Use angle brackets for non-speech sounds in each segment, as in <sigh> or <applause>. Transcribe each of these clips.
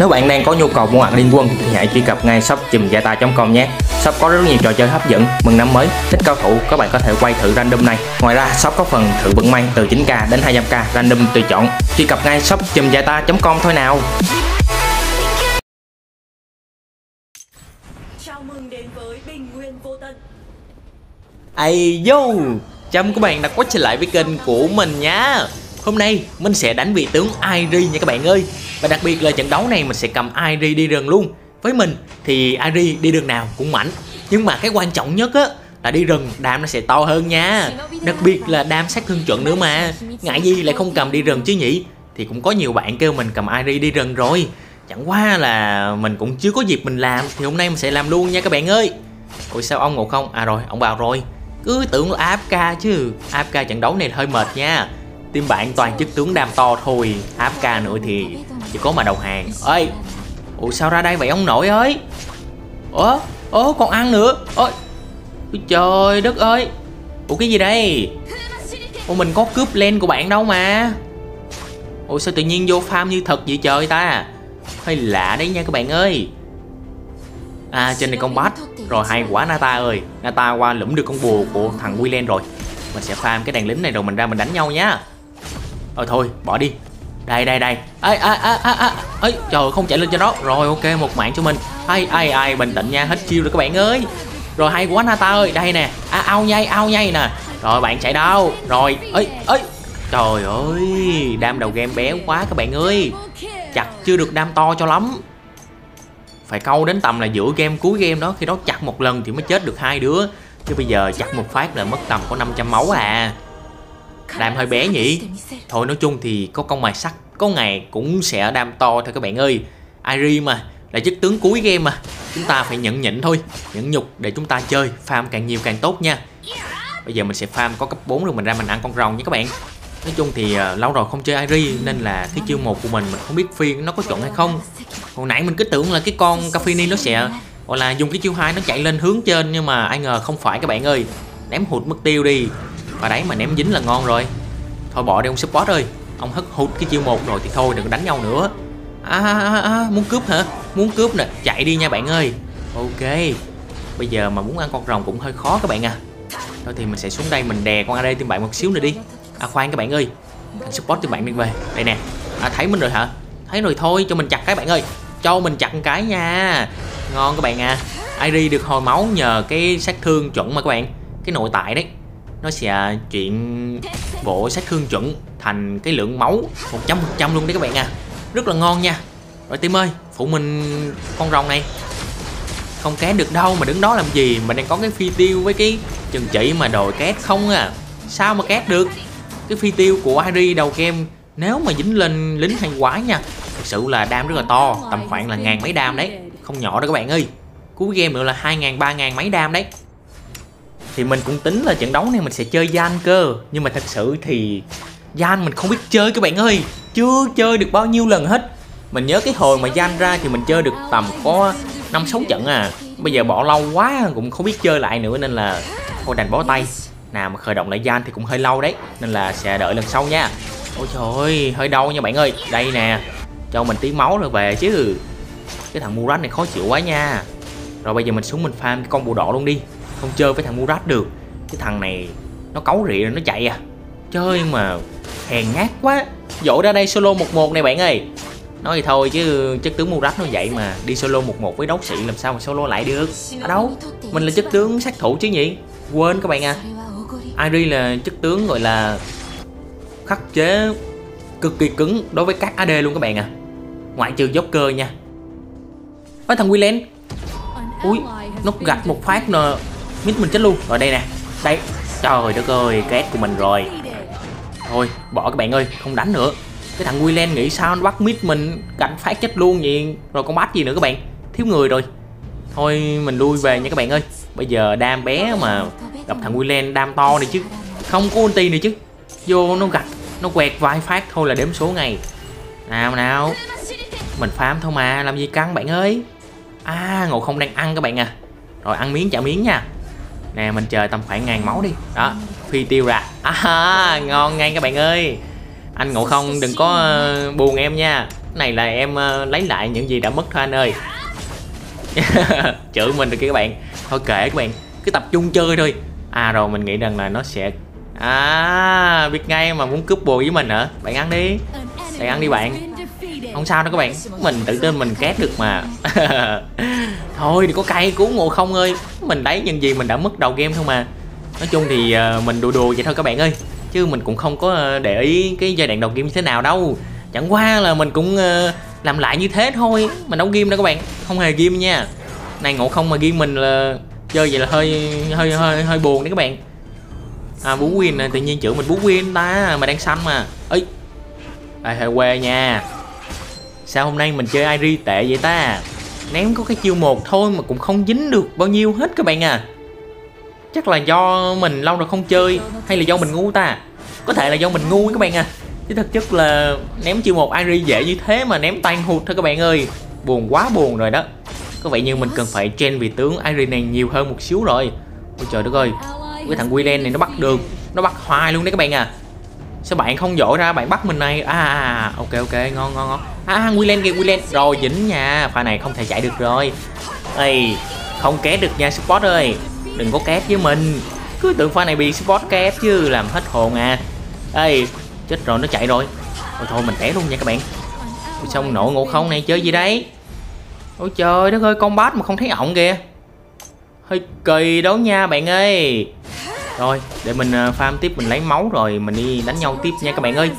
Nếu bạn đang có nhu cầu mua hàng liên quân thì hãy truy cập ngay shop chùm com nhé. Shop có rất nhiều trò chơi hấp dẫn, mừng năm mới, thích cao thủ các bạn có thể quay thử random này. Ngoài ra shop có phần thử vận may từ 9k đến 200k random tùy chọn. Truy cập ngay shop chùm com thôi nào. Chào mừng đến với Bình Nguyên Vô Tận. Ây yo, chào mừng các bạn đã quay trở lại với kênh của mình nhá. Hôm nay mình sẽ đánh vị tướng Airi nha các bạn ơi Và đặc biệt là trận đấu này mình sẽ cầm Airi đi rừng luôn Với mình thì Airi đi đường nào cũng mạnh Nhưng mà cái quan trọng nhất á là đi rừng đam nó sẽ to hơn nha Đặc biệt là đam sát thương chuẩn nữa mà Ngại gì lại không cầm đi rừng chứ nhỉ Thì cũng có nhiều bạn kêu mình cầm Airi đi rừng rồi Chẳng qua là mình cũng chưa có dịp mình làm Thì hôm nay mình sẽ làm luôn nha các bạn ơi Ủa sao ông ngủ không? À rồi, ông vào rồi Cứ tưởng là AFK chứ AFK trận đấu này hơi mệt nha Team bạn toàn chức tướng đam to thôi Áp ca nữa thì chỉ có mà đầu hàng ơi, Ủa sao ra đây vậy ông nội ơi Ủa Ủa còn ăn nữa ơi, Trời đất ơi Ủa cái gì đây Ủa mình có cướp len của bạn đâu mà Ủa sao tự nhiên vô farm như thật vậy trời ta Hơi lạ đấy nha các bạn ơi À trên này con bát, Rồi hay quá Nata ơi Nata qua lũm được con bùa của thằng Willen rồi Mình sẽ farm cái đàn lính này rồi mình ra mình đánh nhau nhá ờ thôi bỏ đi Đây đây đây Ê ê ê ấy ê trời không chạy lên cho nó Rồi ok một mạng cho mình Ai ai ai bình tĩnh nha hết chiêu rồi các bạn ơi Rồi hay quá Nata ơi đây nè À ao nhay ao nhay nè Rồi bạn chạy đâu Rồi ấy ấy Trời ơi Đam đầu game bé quá các bạn ơi Chặt chưa được đam to cho lắm phải câu đến tầm là giữa game cuối game đó khi đó chặt một lần thì mới chết được hai đứa chứ bây giờ chặt một phát là mất tầm có 500 máu à Đam hơi bé nhỉ Thôi nói chung thì có công mài sắt Có ngày cũng sẽ đam to thôi các bạn ơi Airi mà là chức tướng cuối game mà Chúng ta phải nhận nhịn thôi Nhẫn nhục để chúng ta chơi Farm càng nhiều càng tốt nha Bây giờ mình sẽ farm có cấp 4 rồi mình ra mình ăn con rồng nha các bạn Nói chung thì uh, lâu rồi không chơi Airi Nên là cái chiêu một của mình mình không biết phiên nó có chuẩn hay không Hồi nãy mình cứ tưởng là cái con Caffeine nó sẽ Gọi là dùng cái chiêu hai nó chạy lên hướng trên Nhưng mà ai ngờ không phải các bạn ơi Ném hụt mất tiêu đi và đấy mà ném dính là ngon rồi Thôi bỏ đi ông support ơi Ông hất hụt cái chiêu một rồi thì thôi đừng đánh nhau nữa à à, à, à, à muốn cướp hả Muốn cướp nè Chạy đi nha bạn ơi Ok Bây giờ mà muốn ăn con rồng cũng hơi khó các bạn à Thôi thì mình sẽ xuống đây mình đè con AD team bạn một xíu nữa đi À khoan các bạn ơi Thằng support team bạn đi về Đây nè À thấy mình rồi hả Thấy rồi thôi cho mình chặt cái bạn ơi Cho mình chặt cái nha Ngon các bạn à id được hồi máu nhờ cái sát thương chuẩn mà các bạn Cái nội tại đấy nó sẽ à, chuyển bộ sách thương chuẩn thành cái lượng máu 100% luôn đấy các bạn à rất là ngon nha rồi tim ơi phụ mình con rồng này không cá được đâu mà đứng đó làm gì mình đang có cái phi tiêu với cái chừng chỉ mà đòi két không à sao mà két được cái phi tiêu của Ari đầu game nếu mà dính lên lính hay quái nha thật sự là đam rất là to tầm khoảng là ngàn mấy đam đấy không nhỏ đâu các bạn ơi cuối game nữa là hai ngàn ba ngàn mấy đam đấy thì mình cũng tính là trận đấu này mình sẽ chơi gian cơ nhưng mà thật sự thì gian mình không biết chơi các bạn ơi chưa chơi được bao nhiêu lần hết mình nhớ cái hồi mà gian ra thì mình chơi được tầm có năm sáu trận à bây giờ bỏ lâu quá cũng không biết chơi lại nữa nên là thôi đành bó tay nào mà khởi động lại gian thì cũng hơi lâu đấy nên là sẽ đợi lần sau nha ôi trời ơi hơi đau nha bạn ơi đây nè cho mình tí máu rồi về chứ cái thằng murat này khó chịu quá nha rồi bây giờ mình xuống mình farm cái con bộ đỏ luôn đi không chơi với thằng Murat được cái thằng này nó cấu rịa nó chạy à chơi mà hèn nhát quá dỗ ra đây solo một một này bạn ơi nói thì thôi chứ chất tướng Murat nó vậy mà đi solo một một với đấu sĩ làm sao mà solo lại được ở đâu mình là chất tướng sát thủ chứ nhỉ quên các bạn à Ari là chất tướng gọi là khắc chế cực kỳ cứng đối với các AD luôn các bạn à ngoại trừ Joker nha Ôi thằng Willen Ui nó gạch một phát nè mít mình chết luôn rồi đây nè đây trời đất ơi cái của mình rồi thôi bỏ các bạn ơi không đánh nữa cái thằng Willen nghĩ sao nó bắt mít mình cảnh phát chết luôn vậy rồi con bắt gì nữa các bạn thiếu người rồi thôi mình lui về nha các bạn ơi bây giờ đam bé mà gặp thằng Willen đam to này chứ không có ulti này chứ vô nó gạch nó quẹt vài phát thôi là đếm số ngày nào nào mình farm thôi mà làm gì căng bạn ơi à ngồi không đang ăn các bạn à rồi ăn miếng chả miếng nha nè mình chờ tầm khoảng ngàn máu đi đó phi tiêu ra à, ngon ngay các bạn ơi anh ngộ không đừng có uh, buồn em nha này là em uh, lấy lại những gì đã mất thôi anh ơi <laughs> chữ mình rồi kìa các bạn thôi kệ các bạn cứ tập trung chơi thôi à rồi mình nghĩ rằng là nó sẽ à biết ngay mà muốn cướp bồ với mình hả bạn ăn đi bạn ăn đi bạn không sao đâu các bạn mình tự tin mình két được mà <laughs> thôi thì có cay cứu ngộ không ơi mình đấy nhân gì mình đã mất đầu game thôi mà nói chung thì ờ, mình đùa đùa vậy thôi các bạn ơi chứ mình cũng không có ờ, để ý cái giai đoạn đầu game như thế nào đâu chẳng qua là mình cũng ờ, làm lại như thế thôi mình đấu game đó các bạn không hề game nha này ngộ không mà game mình là chơi vậy là hơi hơi hơi hơi buồn đấy các bạn à bú win tự nhiên chữ mình bú win ta mà đang xanh mà ấy à, hơi quê nha sao hôm nay mình chơi Airi tệ vậy ta ném có cái chiêu một thôi mà cũng không dính được bao nhiêu hết các bạn à chắc là do mình lâu rồi không chơi hay là do mình ngu ta có thể là do mình ngu các bạn à chứ thực chất là ném chiêu một Airi dễ như thế mà ném tan hụt thôi các bạn ơi buồn quá buồn rồi đó có vẻ như mình cần phải trên vị tướng Airi này nhiều hơn một xíu rồi ôi trời đất ơi cái thằng Willen này nó bắt được nó bắt hoài luôn đấy các bạn à sao bạn không dỗ ra bạn bắt mình này à, à, à, à ok ok ngon ngon ngon à Willen kìa Willen rồi dính nha pha này không thể chạy được rồi ây không két được nha support ơi đừng có két với mình cứ tưởng pha này bị support két chứ làm hết hồn à ây chết rồi nó chạy rồi thôi thôi mình té luôn nha các bạn xong nổ ngộ không này chơi gì đấy ôi trời đất ơi combat mà không thấy ổng kìa hơi kỳ đó nha bạn ơi rồi, để mình à, farm tiếp mình lấy máu rồi mình đi đánh nhau tiếp nha các bạn ơi.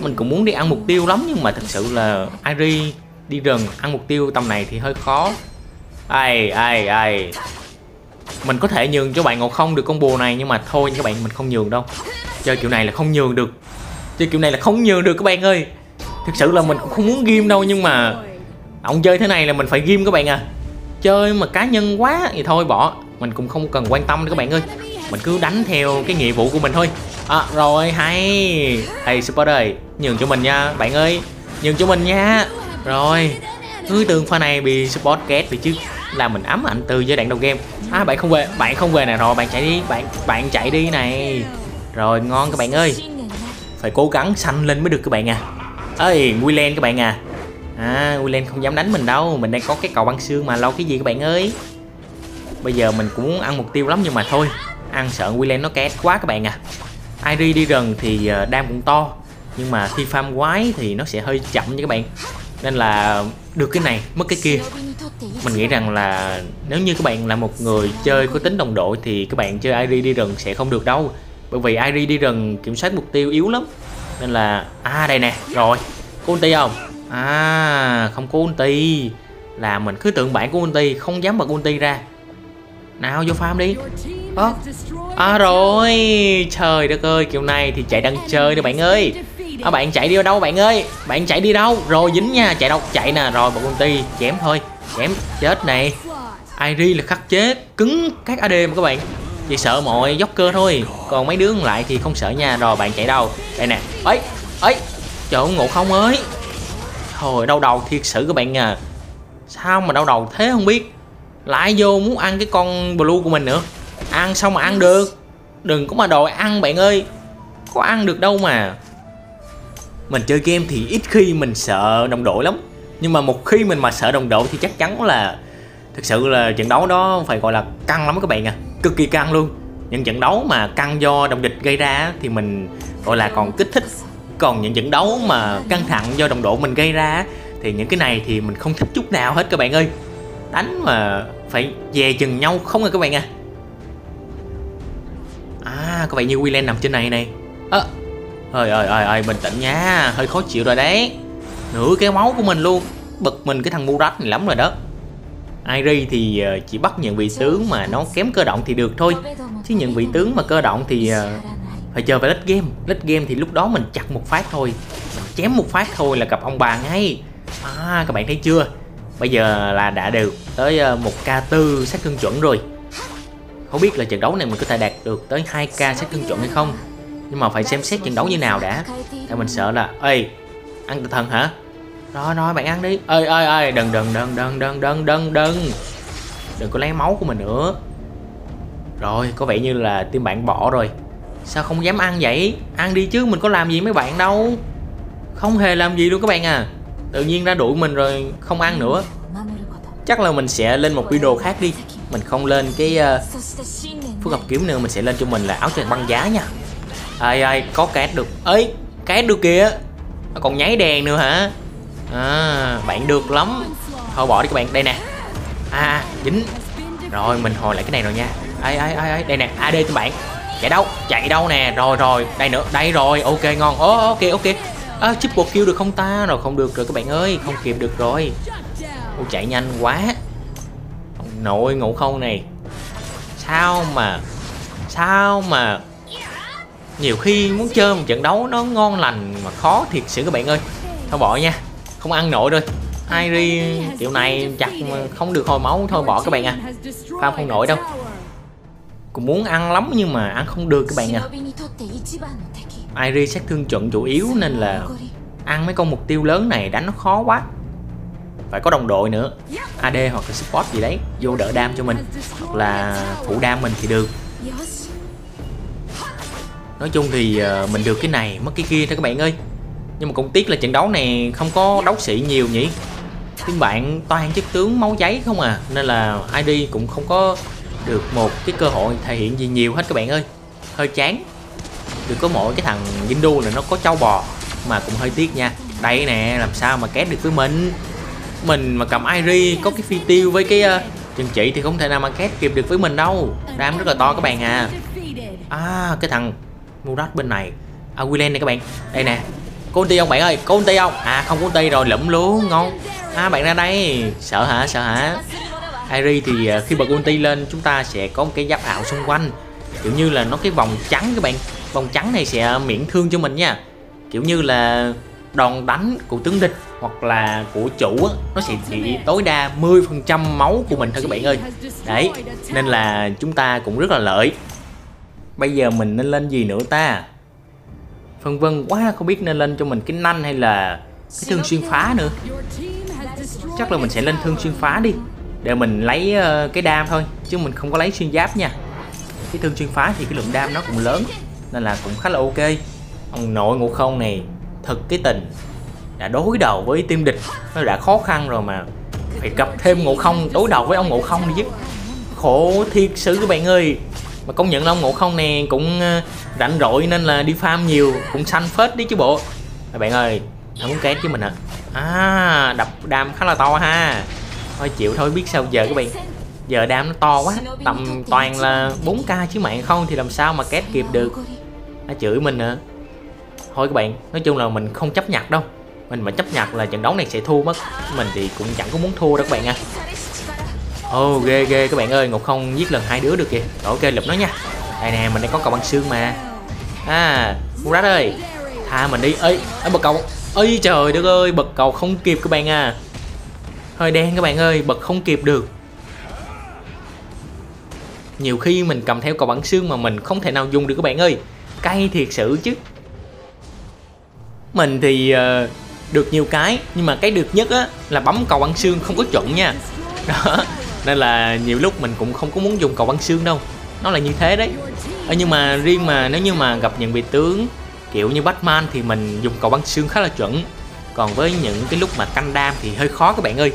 Mình cũng muốn đi ăn mục tiêu lắm nhưng mà thật sự là Ari đi rừng ăn mục tiêu tầm này thì hơi khó. Ai ai ai. Mình có thể nhường cho bạn ngộ không được con bồ này nhưng mà thôi các bạn mình không nhường đâu. Chơi kiểu này là không nhường được. Chơi kiểu này là không nhường được các bạn ơi. Thực sự là mình cũng không muốn ghim đâu nhưng mà ông chơi thế này là mình phải ghim các bạn à. Chơi mà cá nhân quá thì thôi bỏ, mình cũng không cần quan tâm nữa các bạn ơi mình cứ đánh theo cái nhiệm vụ của mình thôi à, rồi hay hay super ơi nhường cho mình nha bạn ơi nhường cho mình nha rồi cứ tưởng pha này bị support két thì chứ là mình ấm ảnh từ giai đoạn đầu game à bạn không về bạn không về nè rồi bạn chạy đi bạn bạn chạy đi này rồi ngon các bạn ơi phải cố gắng xanh lên mới được các bạn à ơi Willen các bạn à à Willen không dám đánh mình đâu mình đang có cái cầu băng xương mà lâu cái gì các bạn ơi bây giờ mình cũng muốn ăn mục tiêu lắm nhưng mà thôi ăn sợ William nó két quá các bạn à Airi đi rừng thì ờ, đam cũng to nhưng mà khi farm quái thì nó sẽ hơi chậm nha các bạn nên là được cái này mất cái kia mình nghĩ rằng là nếu như các bạn là một người chơi có tính đồng đội thì các bạn chơi Airi đi rừng sẽ không được đâu bởi vì Airi đi rừng kiểm soát mục tiêu yếu lắm nên là à đây nè rồi có ulti không à không có ulti là mình cứ tưởng bản của ulti không dám bật ulti ra nào vô farm đi Ơ à, à rồi Trời đất ơi kiểu này thì chạy đang chơi nè bạn ơi à, Bạn chạy đi đâu bạn ơi Bạn chạy đi đâu Rồi dính nha chạy đâu chạy nè Rồi một công ty chém thôi Chém chết này Iri là khắc chế cứng các AD mà các bạn Chỉ sợ mọi cơ thôi Còn mấy đứa còn lại thì không sợ nha Rồi bạn chạy đâu Đây nè ấy ấy Trời ơi ngộ không ơi Thôi đau đầu thiệt sự các bạn à Sao mà đau đầu thế không biết Lại vô muốn ăn cái con blue của mình nữa ăn xong mà ăn được đừng có mà đòi ăn bạn ơi có ăn được đâu mà mình chơi game thì ít khi mình sợ đồng đội lắm nhưng mà một khi mình mà sợ đồng đội thì chắc chắn là thực sự là trận đấu đó phải gọi là căng lắm các bạn à cực kỳ căng luôn những trận đấu mà căng do đồng địch gây ra thì mình gọi là còn kích thích còn những trận đấu mà căng thẳng do đồng đội mình gây ra thì những cái này thì mình không thích chút nào hết các bạn ơi đánh mà phải dè chừng nhau không à các bạn à quá Có vẻ như William nằm trên này này Ơ à, Ơi ơi ơi ơi bình tĩnh nha Hơi khó chịu rồi đấy Nửa cái máu của mình luôn Bực mình cái thằng Murat này lắm rồi đó Airi thì ờ, chỉ bắt những vị tướng mà nó kém cơ động thì được thôi Chứ những vị tướng mà cơ động thì ờ, phải chờ phải late game Late game thì lúc đó mình chặt một phát thôi mình Chém một phát thôi là gặp ông bà ngay À các bạn thấy chưa Bây giờ là đã được tới ờ, một k tư sát thương chuẩn rồi không biết là trận đấu này mình có thể đạt được tới 2k xét thương chuẩn hay không Nhưng mà phải xem xét trận đấu như nào đã thì mình sợ là Ê Ăn tự thần hả đó rồi bạn ăn đi ơi ơi ơi Đừng đừng đừng đừng đừng đừng đừng đừng Đừng có lấy máu của mình nữa Rồi có vẻ như là team bạn bỏ rồi Sao không dám ăn vậy Ăn đi chứ mình có làm gì mấy bạn đâu Không hề làm gì luôn các bạn à Tự nhiên ra đuổi mình rồi không ăn nữa Chắc là mình sẽ lên một video khác đi mình không lên cái uh, phước hợp kiếm nữa mình sẽ lên cho mình là áo choàng băng giá nha ai ai có cái được ấy cái được kìa nó còn nháy đèn nữa hả à, bạn được lắm thôi bỏ đi các bạn đây nè à dính rồi mình hồi lại cái này rồi nha ai ai ai đây nè ad các bạn chạy đâu chạy đâu nè rồi rồi đây nữa đây rồi ok ngon oh, ok ok à, triple kill được không ta rồi không được rồi các bạn ơi không kịp được rồi Ôi, chạy nhanh quá Nội ngộ không này Sao mà Sao mà Nhiều khi muốn chơi một trận đấu nó ngon lành Mà khó thiệt sự các bạn ơi Thôi bỏ nha Không ăn nội rồi Airi kiểu này chặt mà không được hồi máu thôi bỏ các bạn à Farm không nổi đâu Cũng muốn ăn lắm nhưng mà ăn không được các bạn à Airi sát thương trận chủ yếu nên là Ăn mấy con mục tiêu lớn này đánh nó khó quá phải có đồng đội nữa AD hoặc là support gì đấy vô đỡ đam cho mình hoặc là phụ đam mình thì được nói chung thì ờ, mình được cái này mất cái kia thôi các bạn ơi nhưng mà cũng tiếc là trận đấu này không có đấu sĩ nhiều nhỉ tiếng bạn toàn chức tướng máu cháy không à nên là ID cũng không có được một cái cơ hội thể hiện gì nhiều hết các bạn ơi hơi chán được có mỗi cái thằng Gindu là nó có trâu bò mà cũng hơi tiếc nha đây nè làm sao mà két được với mình mình mà cầm Iri có cái phi tiêu với cái uh, chân chỉ thì không thể nào mà két kịp được với mình đâu đam rất là to các bạn à à cái thằng Murat bên này à Willen này các bạn đây nè có ulti bạn ơi có ulti à không có rồi lụm luôn ngon à bạn ra đây sợ hả sợ hả Airi thì ờ, khi bật ulti lên chúng ta sẽ có một cái giáp ảo xung quanh kiểu như là nó cái vòng trắng các bạn vòng trắng này sẽ miễn thương cho mình nha kiểu như là đòn đánh của tướng địch hoặc là của chủ á, nó sẽ chỉ tối đa 10% máu của mình thôi các bạn ơi đấy nên là chúng ta cũng rất là lợi bây giờ mình nên lên gì nữa ta phân vân quá không biết nên lên cho mình cái nanh hay là cái thương xuyên phá nữa chắc là mình sẽ lên thương xuyên phá đi để mình lấy ờ, cái đam thôi chứ mình không có lấy xuyên giáp nha cái thương xuyên phá thì cái lượng đam nó cũng lớn nên là cũng khá là ok ông nội ngộ không này thật cái tình đã đối đầu với team địch nó đã khó khăn rồi mà phải gặp thêm ngộ không đối đầu với ông ngộ không đi chứ khổ thiệt sự các bạn ơi mà công nhận là ông ngộ không nè cũng ờ, rảnh rỗi nên là đi farm nhiều cũng xanh phết đi chứ bộ các à, bạn ơi nó muốn két với mình à à đập đam khá là to ha thôi chịu thôi biết sao giờ các bạn giờ đam nó to quá tầm toàn là 4k chứ mạng không thì làm sao mà két kịp được nó chửi mình nữa à. thôi các bạn nói chung là mình không chấp nhận đâu mình mà chấp nhận là trận đấu này sẽ thua mất mình thì cũng chẳng có muốn thua đó các bạn ạ à. oh ghê ghê các bạn ơi ngục không giết lần hai đứa được kìa Rồi, ok lập nó nha đây nè mình đang có cầu băng xương mà à murat ơi tha mình đi ấy ấy bật cầu ấy trời đất ơi bật cầu không kịp các bạn à hơi đen các bạn ơi bật không kịp được nhiều khi mình cầm theo cầu băng xương mà mình không thể nào dùng được các bạn ơi cay thiệt sự chứ mình thì uh, được nhiều cái nhưng mà cái được nhất á là bấm cầu băng xương không có chuẩn nha <laughs> đó nên là nhiều lúc mình cũng không có muốn dùng cầu băng xương đâu nó là như thế đấy à, nhưng mà riêng mà nếu như mà gặp những vị tướng kiểu như Batman thì mình dùng cầu băng xương khá là chuẩn còn với những cái lúc mà canh đam thì hơi khó các bạn ơi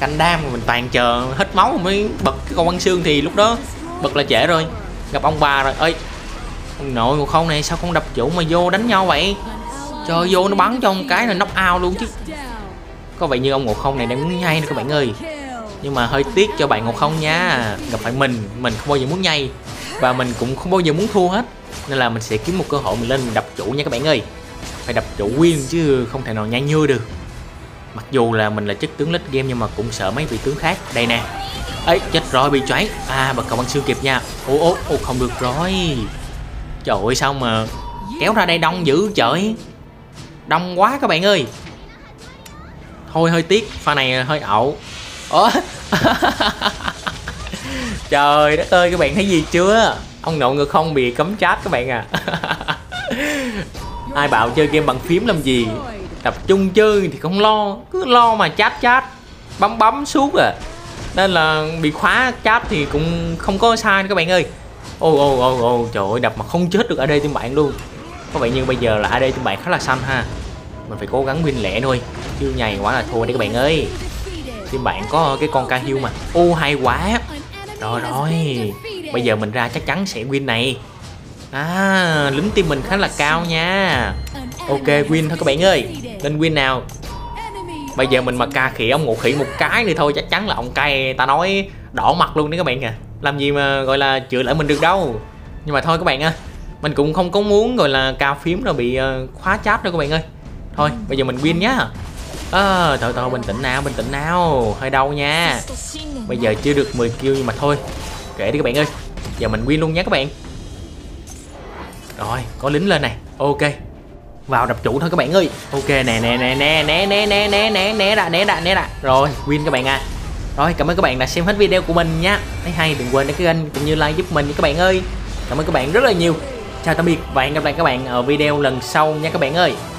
canh đam mà mình toàn chờ hết máu mới bật cái cầu băng xương thì lúc đó bật là trễ rồi gặp ông bà rồi ơi ông nội còn không này sao không đập chủ mà vô đánh nhau vậy Trời vô nó bắn cho một cái là knock out luôn chứ Có vẻ như ông Ngộ Không này đang muốn nhay nè các bạn ơi Nhưng mà hơi tiếc cho bạn Ngộ Không nha Gặp phải mình, mình không bao giờ muốn nhay Và mình cũng không bao giờ muốn thua hết Nên là mình sẽ kiếm một cơ hội mình lên mình đập chủ nha các bạn ơi Phải đập chủ win chứ không thể nào nhai nhưa được Mặc dù là mình là chức tướng lít game nhưng mà cũng sợ mấy vị tướng khác Đây nè ấy chết rồi bị choáng À bật cầu băng xương kịp nha Ô ô ô không được rồi Trời ơi sao mà kéo ra đây đông dữ trời đông quá các bạn ơi thôi hơi tiếc pha này hơi ẩu <laughs> trời đất ơi các bạn thấy gì chưa ông nội ngược không bị cấm chat các bạn à <laughs> ai bảo chơi game bằng phím làm gì tập trung chơi thì không lo cứ lo mà chat chat bấm bấm suốt à nên là bị khóa chat thì cũng không có sai nữa các bạn ơi ô ô ô ô trời ơi đập mà không chết được ở đây tim bạn luôn có vẻ như bây giờ là AD chúng bạn khá là xanh ha mình phải cố gắng win lẻ thôi chứ nhầy quá là thua đấy các bạn ơi team bạn có cái con ca hưu mà ô hay quá rồi rồi bây giờ mình ra chắc chắn sẽ win này à lính team mình khá là cao nha ok win thôi các bạn ơi nên win nào bây giờ mình mà ca khỉ ông ngộ khỉ một cái thì thôi chắc chắn là ông cay e ta nói đỏ mặt luôn đấy các bạn à làm gì mà gọi là chữa lại mình được đâu nhưng mà thôi các bạn à mình cũng không có muốn gọi là cà phím rồi bị khóa chat đâu các bạn ơi thôi bây giờ mình win nhá ờ à, thôi thôi bình tĩnh nào bình tĩnh nào hơi đau nha bây giờ chưa được 10 kêu nhưng mà thôi kệ đi các bạn ơi giờ mình win luôn nhé các bạn rồi có lính lên này ok vào đập chủ thôi các bạn ơi ok nè nè nè nè nè nè nè nè nè nè đã nè đã nè đã rồi win các bạn à rồi cảm ơn các bạn đã xem hết video của mình nhá. thấy hay đừng quên đăng cái kênh cũng như like giúp mình các bạn ơi cảm ơn các bạn rất là nhiều chào tạm biệt và hẹn gặp lại các bạn ở video lần sau nha các bạn ơi